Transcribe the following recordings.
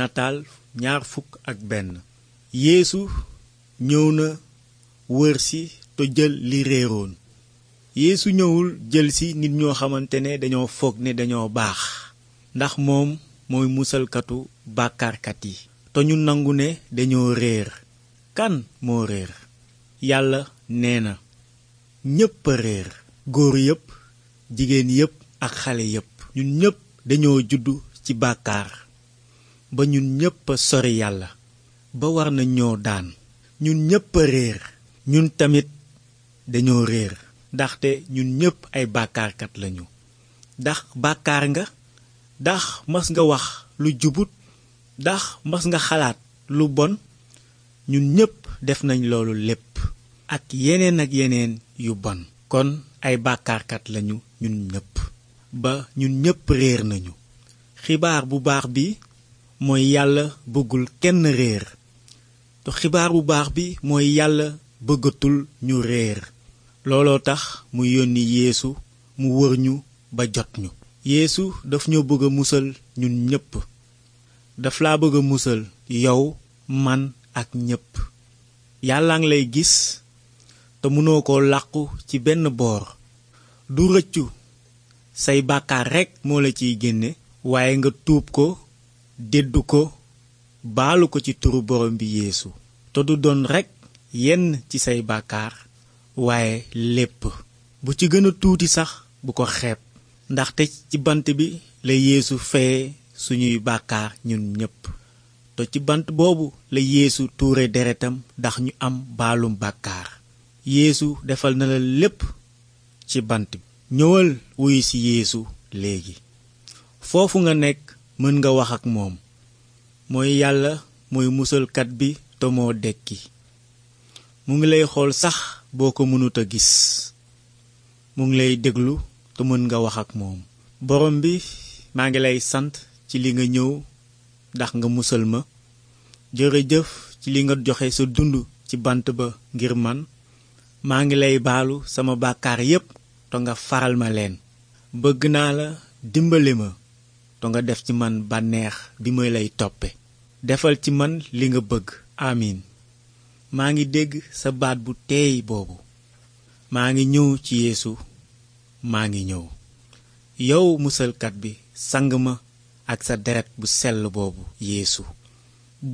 nataal ñaar fukk ak benn yeesu na wër si te jël li réeroon yeesu ñëwul jël si nit ñoo xamante ne dañoo foog ne dañoo baax ndax moom mooy musalkatu bàkkaarkat yi te ñu nangu ne dañoo réer kan moo réer yàlla nee na ñépp a réer góor yépp jigéen yépp ak xale yépp ñun ñépp dañoo juddu ci bàkkaar ba ñun ñépp a sori yàlla ba war na ñoo daan ñun ñépp réer ñun tamit dañoo réer ndaxte ñun ñépp ay bàkkaarkat lañu ndax bàkkaar nga ndax mas nga wax lu jubut ndax mas nga xalaat lu bon ñun ñépp def nañ loolu lépp ak yeneen ak yeneen yu bon kon ay bàkkaarkat lañu ñun ñépp ba ñun ñépp réer nañu xibaar bu baax bi mooy yàlla bëggul kenn réer te xibaar bu baax bi mooy yàlla bëggatul ñu réer looloo tax mu yónni yeesu mu wër ñu ba jot ñu yeesu daf ñoo bëgg a musal ñun ñépp daf laa bëgg a musal yow man ak ñépp yàllaa ngi lay gis te mënoo ko làqu ci benn boor du rëccu say bàkkaar rekk moo la ciy génne waaye nga tuub ko déddu ko balu ko ci turu borom bi yéesu te du doon rekk yenn ci say bàkkaar waaye lépp bu ci gëna tuuti sax bu ko xeeb ndaxte ci bant bi la yeesu feye suñuy bàkkaar ñun ñépp te ci bant boobu la yéesu tuure deretam ndax ñu am baalum bàkkaar yéesu defal na la lépp ci bant bi ñëwal wuyu ci yéesu léegi foofu nga nekk mën nga wax ak moom mooy yàlla mooy musalkat bi tomoo moo dekki mu ngi lay xool sax boo ko mënuta gis mu ngi lay déglu te mën nga wax ak moom borom bi maa ngi lay sant ci li nga ñëw ndax nga musal ma jërëjëf ci li nga joxe sa dund ci bant ba ngir man maa ngi lay baalu sama baakaar yépp te nga faral ma leen bëgg naa la dimbali ma to def ci man bànneex bi ma lay toppe defal ci man li nga bëgg amiin maa ngi dégg sa baat bu teey boobu maa ngi ñëw ci yeesu maa ngi ñëw yow musalkat bi sang ma ak sa deret bu sell boobu yéesu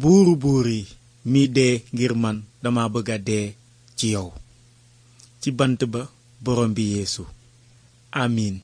buuru buur yi mi dee ngir man dama bëgg a dee ci yow ci bant ba borom bi yéesu amin